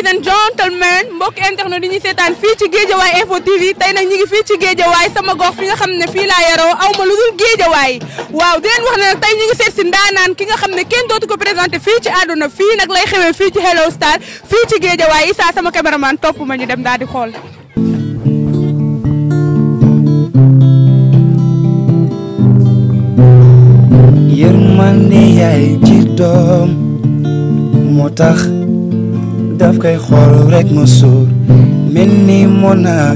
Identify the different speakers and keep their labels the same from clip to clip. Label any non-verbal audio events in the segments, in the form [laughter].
Speaker 1: Ladies and gentlemen mbokk internet yi ñuy seetaan fii ci Géejawaay Info TV tey nag ñu ngi fii ci Géejawaay sama gox fi nga xam ne fii laa yaroo aw lu dul Géejawaay waaw di leen wax ne nag tey ñu ngi seet si ndaanaan ki nga xam ne kenn dootu ko présenté fii ci àdduna fii nag lay xewee fii ci Hello Star fii ci Géejawaay Issa sama caméraman topp ma ñu dem daal di xool.
Speaker 2: yërmande daf koy xool rek mu ni mu naa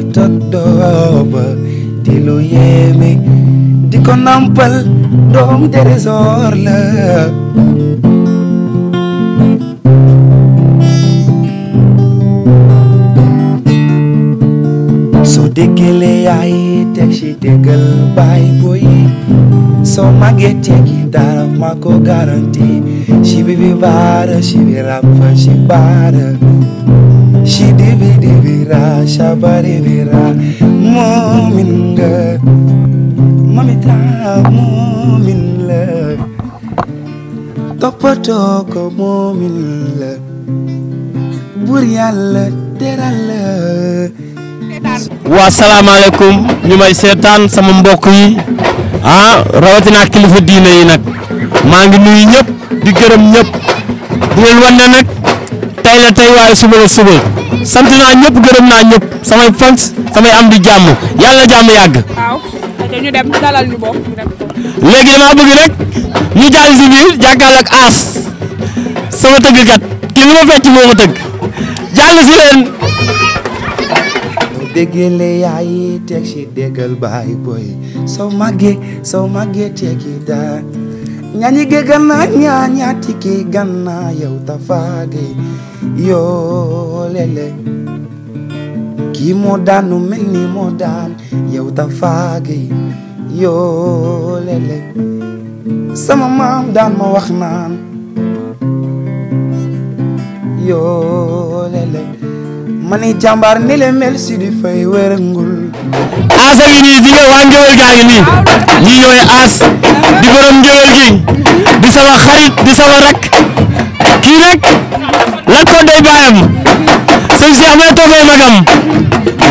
Speaker 2: ba di lu yéeme di ko nampal doom dérisoor la soo déggalee yaay teg ci déggal baay boy Sou maguetinha que dá uma cor garantir. Chibi vivara, chibi rapa, chibara. Chidi vidi vira, chabari vira. Mominga. Mamita, mominla. Topoto ko mominla. Buriala, terala.
Speaker 3: waa salaamaaleykum ñu may seetaan sama mbokk ah rawatina ak kilifa diine yi nag maa ngi nuyu ñëpp di gërëm ñëpp di leen wan ne nag tey la tey waaye suba suba sant naa ñëpp gërëm naa ñëpp samay fans samay am di jàmm yàlla jàmm yàgg. waaw
Speaker 1: ñu dem dalal ñu bokk ñu dem
Speaker 3: léegi damaa bëgg rek ñu jàll si biir jàkkaarloo aas sama tëggkat kii li ma moo ma tëgg jàll si
Speaker 2: leen. so magge so magge teki da ñañi ge ganna ña ñaati ki ganna yow ta faage yo lele ki moo daanu mel ni moo daan yow ta faage yo lele sama maam daan ma wax naan yo lele mani jàmbaar ni le mel si di fay wérangul
Speaker 4: aas a ngi nii di nga waa
Speaker 3: ngewel gaa ngi nii ñii ñooy aas di borom ngewel gi di sama xarit di sama rak kii rek lan ko day baayam sëñ Cheikh ma toogee magam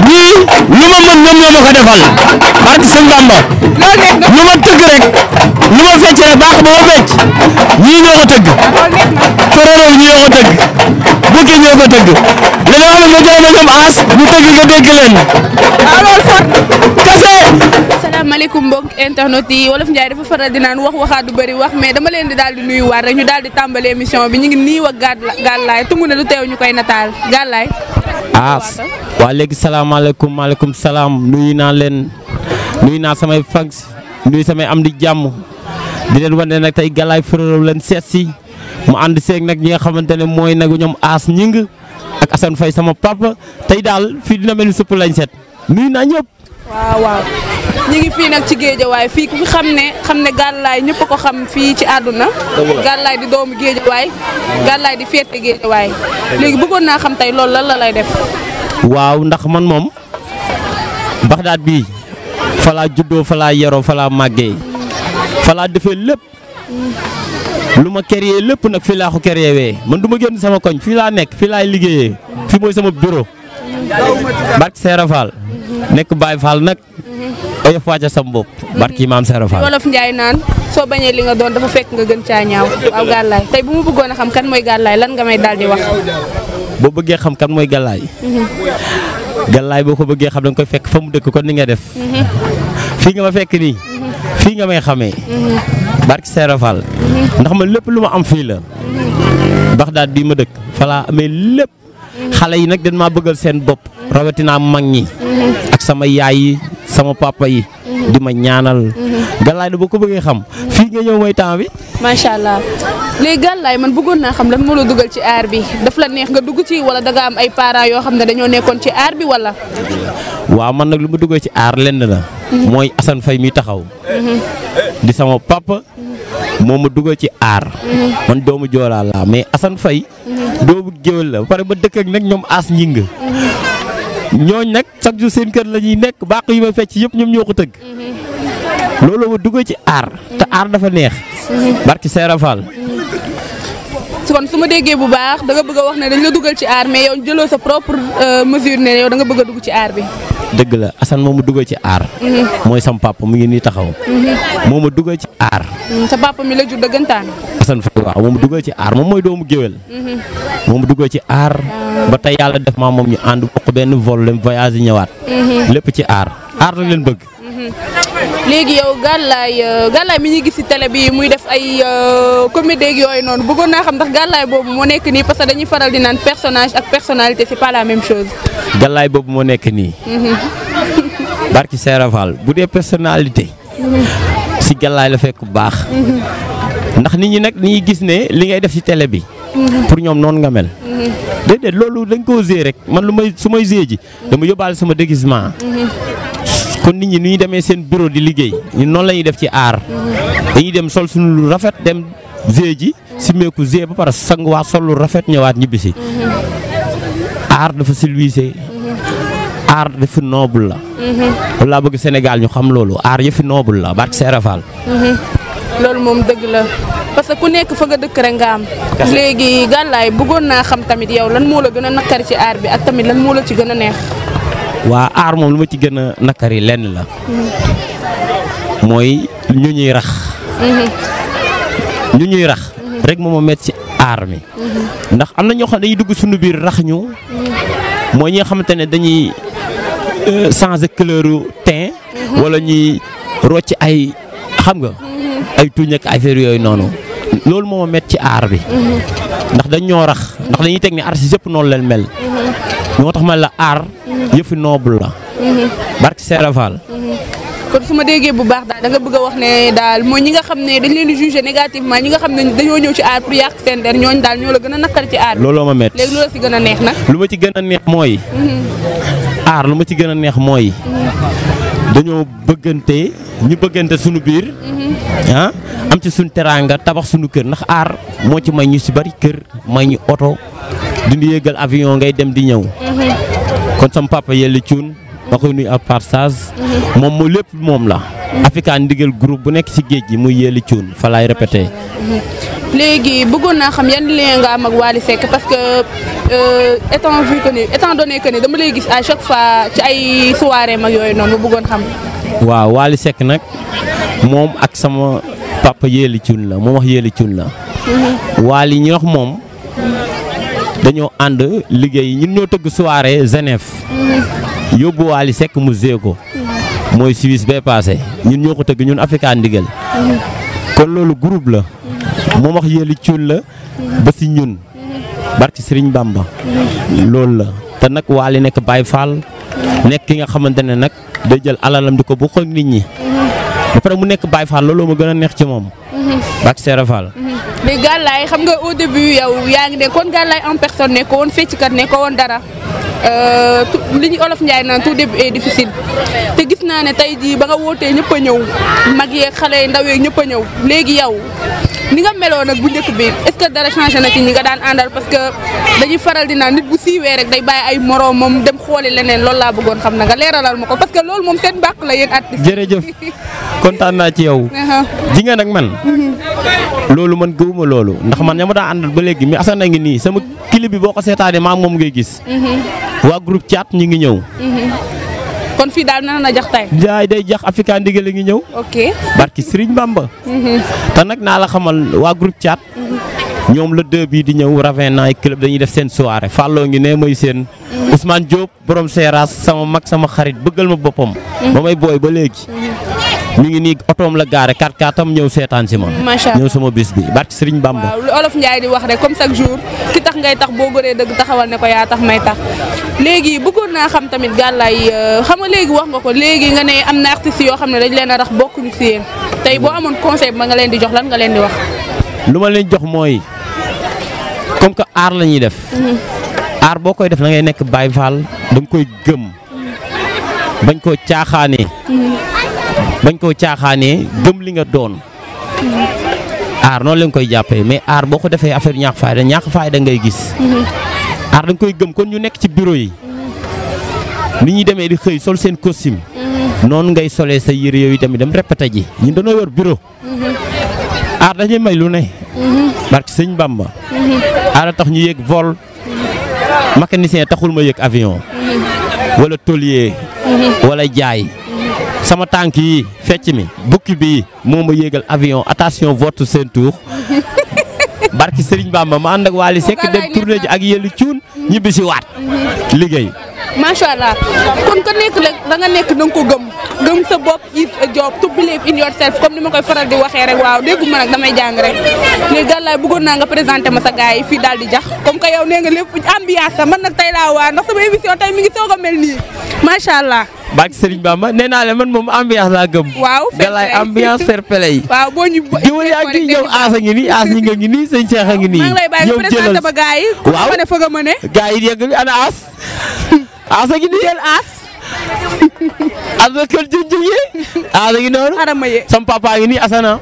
Speaker 3: ñii lu ma mën ñoom ñoo ma ko defal barke sëñ Bamba tëgg rek lu ma baax ba ma fecc
Speaker 4: ñii ñoo tëgg Ferero ñii ñoo tëgg Bukki ñoo tëgg nga jox ma ñoom as ñu tëgg nga dégg leen waaw loolu fort kase
Speaker 1: asalaamaaleykum mbokk internet yi wolof Njaay dafa faral di naan wax waxaat du bëri wax mais dama leen di daal di nuyu waat rek ñu daal di tàmbali émission bi ñu ngi nii wax gàllaay tungu ne du teew ñu koy nataal gàllaay
Speaker 3: ah waa léegi salaamaaleykum maaleykum nuyu naa leen nuyu naa samay fans nuyu samay am di jàmm di leen wane nag tey gàllaay fërëram leen seet si mu ànd seeg nag ñi nga xamante ne mooy nag ñoom aas ñing ak Assane Faye sama papa tey daal fii dina mel ni supp lañ set naa ñëpp. waaw waaw
Speaker 1: ñu ngi fii nag ci géejawaay fii ku fi xam ne xam ne gàllaay ñëpp ko xam fii ci àdduna. gàllaay di doomu géejawaay. gàllaay di féete géejawaay. léegi bëggoon naa xam tey loolu lan la lay
Speaker 4: def.
Speaker 3: waaw ndax man moom. baxdaat bii falaa juddoo falaa yaroo falaa màggee falaa defee lépp. lu ma créé lépp nag fii laa ko créé wee man du ma génn sama koñ fii laa nekk fii laay liggéeyee fii mooy sama bureau barke Seera Fall nekk Baye Fall nag oyof wàcce sama bopp barke maam Seera Fall.
Speaker 1: wolof naan soo bañee li nga doon dafa fekk nga gën caa ñaaw waaw gàllaay tey bu ma bëggoon xam kan mooy gàllaay lan nga may daal di wax.
Speaker 3: boo bëggee xam kan mooy gàllaay. gàllaay boo ko bëggee xam da nga koy fekk fa mu dëkk kon ni nga def. Mhm. fii nga ma fekk nii. fii nga may xamee. barke Serap ndax ma lépp lu ma am fii la. Baxdaad bii ma dëkk fa amee lépp. xale yi nag dañ maa bëggal seen bopp rawatina mag ñi. ak sama yaay yi sama papa yi. di ma ñaanal. Galaay la boo ko bëggee xam fii nga ñëw mooy temps bi. macha allah
Speaker 1: léegi Galaay man bëggoon naa xam lan moo la dugal ci aar bi daf la neex nga dugg ci wala da nga am ay parent yoo xam ne dañoo nekkoon ci aar bi walla
Speaker 3: waaw man nag lu ma duggee ci aar lenn la. mooy Assane Faye mi taxaw. di sama papa. moom ma dugal ci aar. man doomu joolaa laa mais Assane Faye doomu géwél la ba pare ba dëkk ak nag ñoom aas njing ñooñ nag chaque jour seen kër la ñuy nekk bàq yi ma fecc yëpp ñoom ñoo ko tëgg. loolu ma duggee ci aar te aar dafa neex. barki Seera Fall.
Speaker 1: kon su ma déggee bu baax danga nga bëgg a wax ne dañ la dugal ci aar mais yow jëloo sa propre euh, mesure ne yow danga nga bëgg dugg ci aar bi.
Speaker 3: dëgg la Assane moom ma dugal ci aar. Mhm. mooy sam papa mu ngi nii taxaw. Mhm. moo ma dugal ci aar.
Speaker 1: Mhm, sa papa mi la jur dëggantaan.
Speaker 3: Assane Faye waaw moom ma dugal ci aar moom mooy doomu géwél. moom ma ci aar. Ah. ba tey yàlla def maa moom ñu ànd bokk benn vol voyage yi ñëwaat. lépp ci aar aar la leen bëgg.
Speaker 1: léegi yow galay euh, galay mi ñi gis ci télé bi muy def ay euh, comédie ak yoy non xam ndax parce que dañuy faral di personnage ak personnalité c'est pas la même
Speaker 4: chose.
Speaker 3: galay bobu mo nekk ni mhm. barki bu personnalité. Mhm. Si galay la fekk baax. Mhm. ndax nit ñi nak dañuy gis né li ngay def ci télé bi. pour ñom non nga mel. dédé lolu dañ ko zé rek man lu may ji. dama sama déguisement. kon nit ñi nu ñu demee seen bureau di liggéey ñu noonu lañuy def ci aar dañuy dem sol suñu lu rafet dem zee ji simeeku zee ba pare sanguwaat sol lu rafet ñëwaat ñibbisi aar dafa silwiise aar dafa noble la loolu laa bëgg Sénégal ñu xam loolu aar yëfi noble la barke seerafal
Speaker 1: loolu moom dëgg la parce que ku nekk fa nga dëkk rek nga am. léegi gàllaay bëggoon naa xam tamit yow lan moo la gën a naqari ci aar bi ak tamit lan moo la ci gën a neex.
Speaker 3: waa aar moom lu ma ci gën a nakari lenn la mooy ñu ñuy rax ñu ñuy rax rek moom a metti ci aar mi ndax am na ñoo xam dañuy dugg suñu biir rax ñu moo ñi nga xamante ne dañuy euh, changer couleur teint wala ñuy rocc ay xam nga ay tuñ ak affaire yooyu noonu loolu moo a metti ci aar bi ndax dañ ñoo rax ndax dañuy teg ni artiste yëpp noonu leen mel moo tax ma la aar yëfi noble la. Mhm. barke Serafal. Mhm.
Speaker 4: kon
Speaker 1: su ma déggee bu baax daal da nga bëgg a wax ne daal mooy ñi nga xam ne dañ leen di jugé négativement ñi nga xam ne dañoo ñëw ci aar pour yàq seen der ñooñ daal ñoo la gën a naqar ci aar. looloo ma métti léegi loolu si gën a neex
Speaker 3: nag. lu ma ci gën a neex mooy. Mhm. aar lu ma ci gën a neex mooy. dañoo bëggante ñu bëggante suñu biir. ah am ci suñu teraanga tabax suñu kër ndax aar moo ci may ñu si bari kër may ñu oto duñu yëgal avion ngay dem di ñëw. kon sama papa Yelli Cuun ma koy nuyu à mhm. moom moo lépp moom la mhm. Africa ndigal groupe bu nekk ci géej gi muy Yelli Cuun fa laay répété
Speaker 1: mhm. léegi bëggoon naa xam yan lien nga am ak Wally Seck parce que euh, étant vu que ni étant donné que ni dama lay gis à chaque fois ci ay soirée mag yooyu noonu ma bëggoon xam
Speaker 3: waaw Wally Seck nag moom ak sama papa Yelli Cuun la moom wax Yelli Cuun la Wally ñi moom dañoo ànd liggéey ñun ñoo tëgg soirée Genève yóbbu Wally Seck mu zee ko mooy Suisse bee paase ñun ñoo ko tëgg ñun Africa Ndigal kon loolu groupe la moom wax yëli cuun la ba si ñun barki Sëriñ Bamba loolu la te nag Wally nekk Baye Fall nekk ki nga xamante ne nag day jël alalam di ko bokk ak nit ñi après mu nekk Baye Fall looloo ma gën a neex ci moom. Mhm. Bac Serre Fall. Mhm.
Speaker 1: mais Galaye xam nga au début yow yaa ngi ne kon Galaye en personne ne ko fecc kat ne ko woon dara. euh olof ndjay naan tout début est difficile te gis na ne tay ji ba nga wootee ñepp ñew mag yeeg xalé ndaw yeeg ñepp ñew ñëw yaw ni nga melo nak bu ñëk bi est ce que dara changer na ci ñi nga daan andal parce que dañuy faral di naan nit bu siwé rek day bàyyi ay moro mom dem xooli leneen lool la bëggoon xam na nga léralal mako parce que lool mom seen bàq la yeen at jere jëf
Speaker 3: contane na ci yow di uh-huh. nga nak man mm-hmm. loolu man gëwuma loolu ndax man ñama daa andal ba léegi mi asana ngi ni sama télé bi boko ko ma mom ngay gis. Mhm. wa groupe chat ñi ngi
Speaker 1: hmm kon fi dal na na jax tay
Speaker 3: jaay day jax Africa Ndigal ngi ñew ok barki Serigne Bamba. Mhm. ta nak na la xamal wa groupe chat mhm. ñom le deux bi di ñew Ravena ay club dañuy def sen soirée fallo ngi né sen Ousmane Diop borom Seras sama mak sama xarit bëggal ma bopom. bamay boy ba légui mu ngi nii otoom la gaare kat katam ñëw seetaan si ma ñëw sama bis bi barke Sëriñ Bamba
Speaker 1: lu olof Njaay di wax rek comme chaque jour ki tax ngay tax boo goree dëgg taxawal ne ko yaa tax may tax léegi bëggoon naa xam tamit gàllaay euh, xam nga léegi wax nga ko léegi nga ne am na artiste yoo xam ne dañ leen a rax bokkuñu si yéen tey boo amoon conseil ba nga leen di jox lan nga leen di wax
Speaker 3: lu ma leen jox mooy comme que aar lañuy def mhm. aar boo koy def na ngay nekk Baay Faal da koy gëm mhm. koo caaxaanee mhm. bañ koo caaxaanee gëm li nga doon aar noonu lañ koy jàppee mais aar boo ko defee affaire ñaax fayda ñaax fayda ngay gis aar dañ koy gëm kon ñu nekk ci bureau yi ni ñuy demee di xëy sol seen costume noonu ngay solee sa yére yooyu tamit dem répété ji ñun dañoo yor bureau aar dañuy may lu ne barke sëñ Bamba aar tax ñu yéeg vol mécanicien taxul ma yëg avion walla tôlier wala jaay sama tànk yi fecc mi bukki bi moo ma yéegal avion attention votre ceinture [laughs] barki Serigne Bamba ma ànd ak Wally Seck dem tournée ji ak yëllu cuun ñibbi si waat mhm. liggéey.
Speaker 1: macha allah kon ko nekk la danga nekk da ko gëm gëm sa bopp if job to believe in yourself comme ni ma koy faral di waxee rek waaw déggu ma nag damay jàng rek léegi gàllaay bëggoon naa nga présenté ma sa gars yi fii daal di jax comme que yow nee nga lépp ambiance man nag tey laa a macha allah.
Speaker 3: barke Serigne Bamba nee naa leen man moom ambiance laa gëm. waaw fair play galaay ambiance fair play. waaw boo aas a ngi nii aas ñi nga ngi nii a ngi nii. yow ba gaa yi. waaw ku ne fa nga ana aas. aas a ngi aas. aas kër junjun yi. aas a ngi noonu. arama ye sama asana.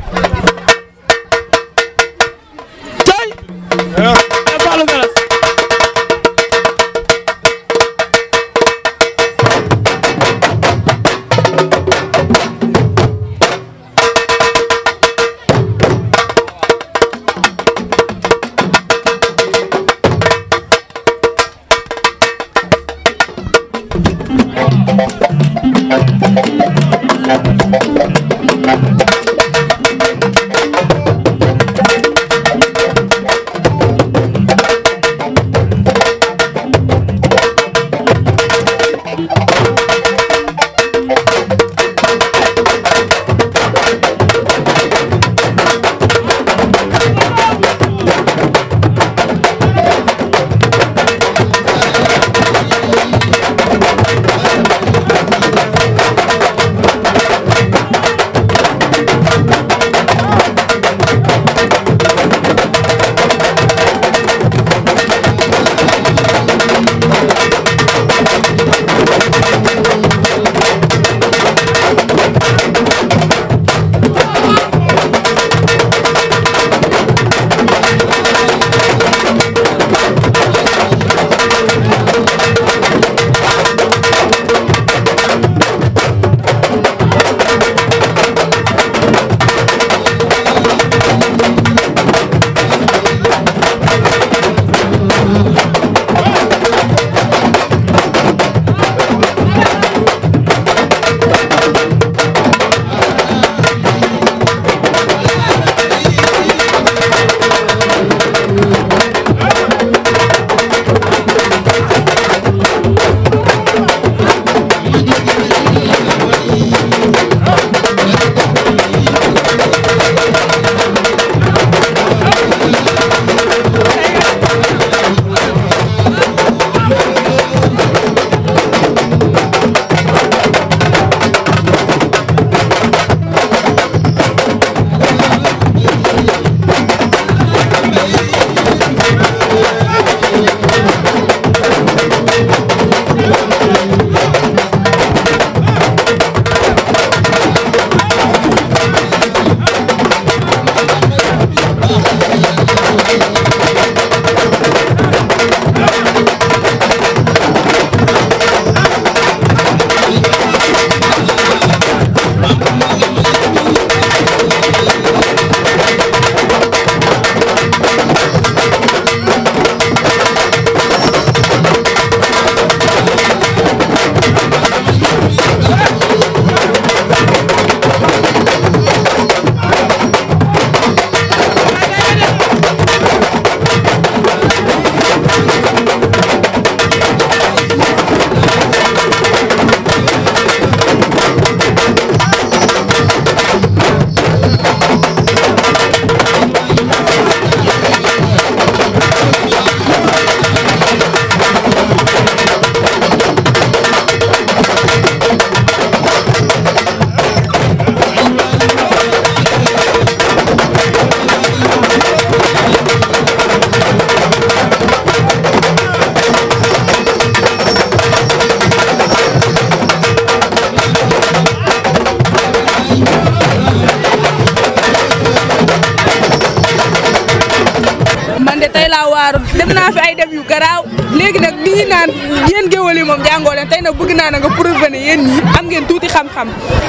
Speaker 1: tey laa waaru dem naa fi ay dem yu garaaw léegi nag li naan yéen géwël yi moom jàngoo leen tey nag bëgg naa na nga prouvé ne yéen ñi am ngeen tuuti xam-xam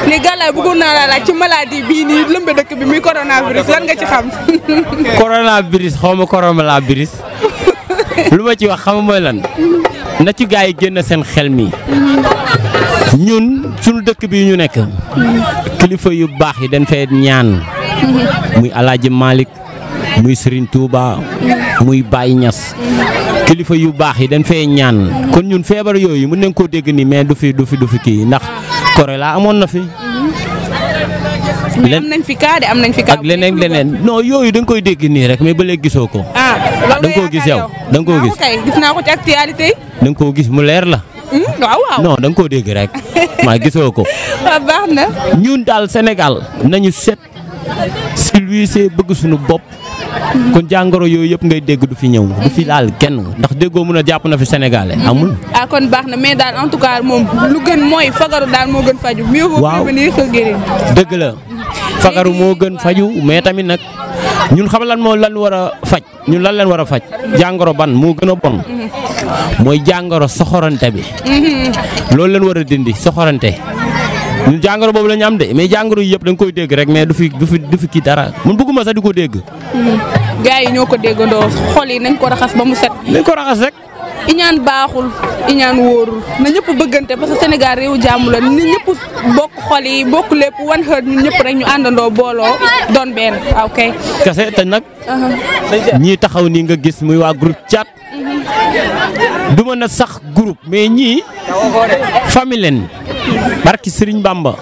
Speaker 1: ne gàllaay bëggoon naa laa laaj ci maladie bii nii lëmbe dëkk bi muy coronavirus lan nga ci xam.
Speaker 3: [laughs] coronavirus xaw ma coronavirus [laughs] lu ma ci wax xam mooy lan na ci gars yi génn seen xel mi ñun suñu dëkk bi ñu nekk mm. kilifa yu baax yi dañ ñaan mm-hmm. muy Alaaji Malick muy Serigne Touba muy Baye ñas kilifa yu baax yi dañ fee ñaan kon ñun feebar yooyu mën nañ koo dégg nii mais du fi du fi du fi kii ndax choléra amoon na fi. am nañ fi kaa am nañ fi ak leneen leneen non yooyu dañ koy dégg nii rek mais ba léegi gisoo ko. ah da koo gis yow da koo ah, gis. gis naa koo gis mu leer la.
Speaker 1: Hmm, waaw waaw
Speaker 3: da koo dégg rek maa gisoo ko. [laughs]
Speaker 1: Ah, baax na.
Speaker 3: ñun daal senegal nañu set. si bëgg sunu bopp. kon jàngoro yooyu yëpp ngay dégg du fi ñëw du fi daal kenn ndax déggoo mun a jàpp na fi sénégalais amul.
Speaker 1: ah kon baax na mais daal en tout cas moom lu gën mooy fagaru daal moo gën faju. waaw
Speaker 3: dëgg la fagaru moo gën faju mais tamit nag ñun xam lan moo lan war a faj ñun lan leen war a faj jàngoro ban moo gën a bon mm-hmm. mooy jàngoro soxorante bi
Speaker 4: mm-hmm.
Speaker 3: loolu leen war a dindi soxorante. ñun jàngoro boobu la ñu am de mais jàngoro yi yëpp da nga koy dégg rek mais du fi kii dara man bëgguma sax di ko dégg.
Speaker 1: Hmm. gars yi ñoo ko déggandoo xol yi nañ ko raxas ba mu set. nañ ko raxas rek. iñaan baaxul iñaan wóorul na ñëpp bëggante parce que Sénégal réewu jàmm la ni ñëpp bokk xol yi bokk lépp one heart ñun ñëpp rek ñu àndandoo booloo doon benn. ok
Speaker 3: kese te nag. ñii taxaw nii nga gis muy waa groupe chat. du mën a sax groupe mais ñii famille leen barki Sëriñ Bamba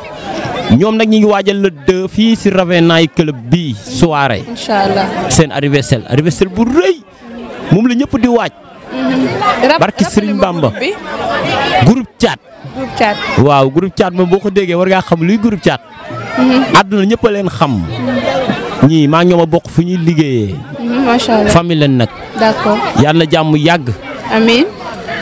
Speaker 3: ñoom nag ñi ngi waajal le deux fii si Ravenaay club bii soirée. incha seen anniversaire anniversaire bu rëy moom la ñëpp di waaj.
Speaker 1: Mm-hmm. barki Sëriñ Bamba groupe chat. groupe
Speaker 3: waaw groupe chat moom boo ko déggee war ngaa xam luy groupe chat. Mm-hmm. àdduna ñëpp leen xam. Mm-hmm. ñii maa ñoom a bokk fu ñuy liggéeyee.
Speaker 1: Mm, macha allah famille leen nag. d'accord
Speaker 3: yàlla jàmm yàgg. amiin.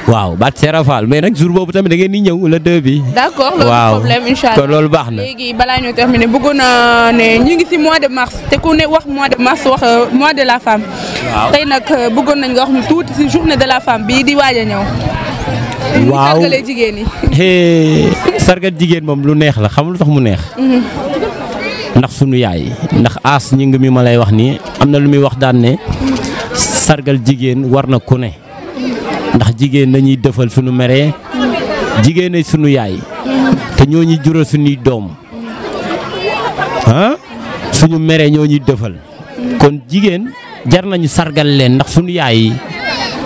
Speaker 3: waaw baat Serap Fall mais nag jour boobu tamit dangeen ngeen di ñëw le deux bi.
Speaker 1: d'accord loolu problème incha loolu baax na. léegi balaa ñoo terminé bëggoon na ne ñu ngi si mois de mars te ku ne wax mois de mars wax euh, mois de la femme.
Speaker 4: waaw
Speaker 3: tey
Speaker 1: nag euh, bëggoon nañ nga wax ñu tuuti ci journée de la femme bii di waaj a ñëw. waaw sargale jigéen
Speaker 3: yi. sargal jigéen moom lu neex la xam lu tax mu neex. Mm-hmm. ndax sunu yaay yi ndax aas ñi ngi ma lay wax nii am na lu muy wax daan ne sargal jigéen war na ku ne ndax jigéen nañuy defal sunu meree jigéen ay sunu yaay te ñoo ñuy jural sunuy doom suñu meree ñoo ñuy defal kon jigéen jar nañu sargal leen ndax sunu yaay yi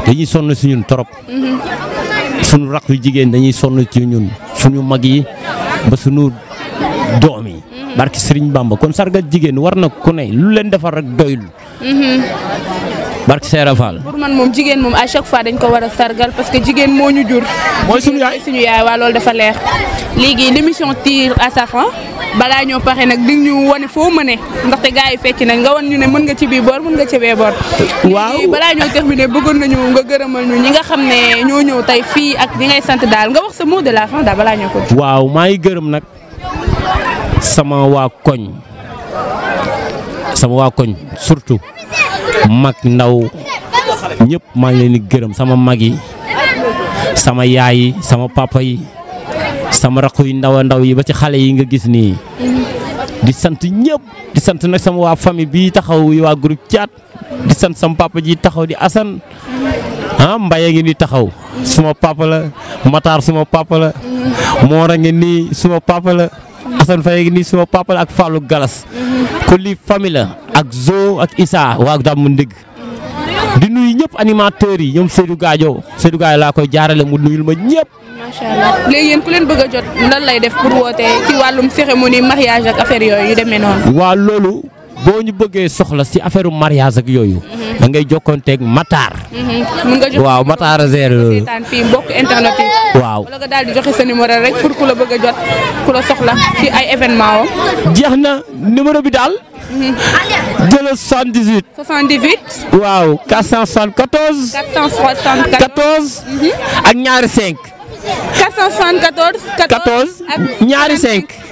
Speaker 3: dañuy sonn si ñun trop sunu rakk yu jigéen dañuy sonn ci ñun sunu mag yi ba sunu doom yi barki Serigne Bamba kon sargal jigéen war na ku ne lu leen defar rek doyul. Mhm. barki Seera Fall. pour
Speaker 1: man moom jigéen moom à chaque fois dañ ko war a sargal parce que jigéen moo ñu jur. mooy suñu yaay suñu waa loolu dafa leer. léegi l'émission tire à sa fin balaa ñoo paxe nag di ñu wane foo mëne ndaxte gars yi fecc nañ nga wan ñu ne mën nga ci biir boor mën nga ci bee boor. waaw balaa ñoo terminé bëggoon nañu nga gërëmal ñu ñi nga xam ne ñoo ñëw tey fii ak di ngay sant daal nga wax sa de la fin daal balaa ñoo ko.
Speaker 3: waaw nag. sama wa koñ sama wa koñ surtout mak ndaw ñepp ma ngi leen sama magi, sama yaay sama papa yi sama rakk yi ndaw ndaw yi ba ci xalé yi nga gis ni di sante ñepp di sante nak sama wa fami bi taxaw wa groupe chat di sante sama papa ji taxaw di asan ha ah, mbaye ngi ni taxaw sama papa la matar sama papa la ra ngi ni sama papa la Assane Faye nii suma papa la ak Fallou Galas kon lii famille la ak Zo ak Issa waa Damm Ndig di nuyu ñëpp animateurs yi ñoom Seydou Gadio Seydou Gadio laa koy jaarale mu nuyul ma ñëpp.
Speaker 1: macha allah léegi yéen ku leen bëgg a jot lan lay def pour woote ci wàllum cérémonie mariage ak affaire yooyu yu demee noonu.
Speaker 3: waa loolu boo ñu bëggee soxla si affaire mariage ak yooyu. Mhm. da ngay jokkoonteeg mhm.
Speaker 1: waaw Matar a gérer loolu. fii internet yi.
Speaker 3: waaw jeex na numéro bi daal. Mhm. jëlal 78.
Speaker 1: 78.
Speaker 3: waaw 474. 474 ak ñaari 5. 474 ñaari 5.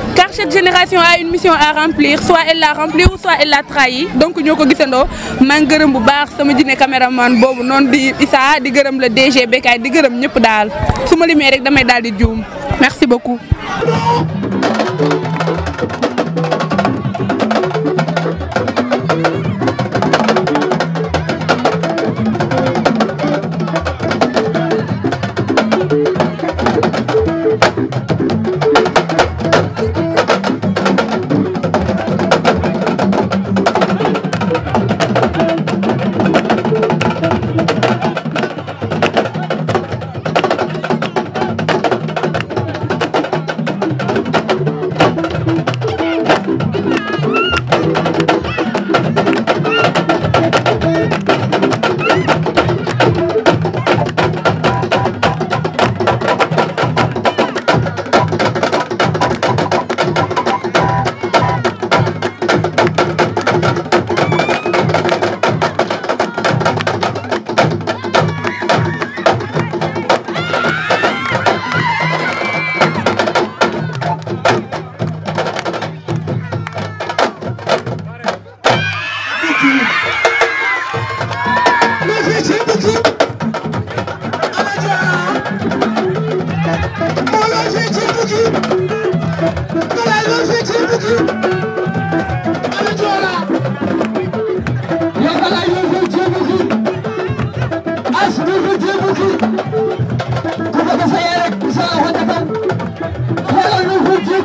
Speaker 1: car cette génération a une mission à remplir soit elle l'a remplie ou soit elle l'a trahi. donc nous avons dit que bu caméraman je di Issa Je suis le DG Je di merci beaucoup.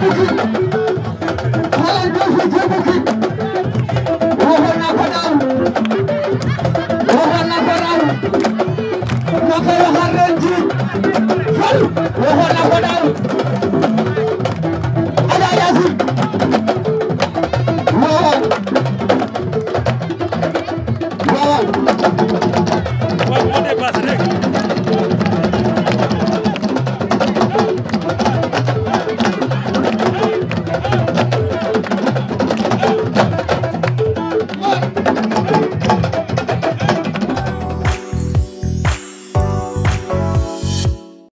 Speaker 4: Thank [laughs] you.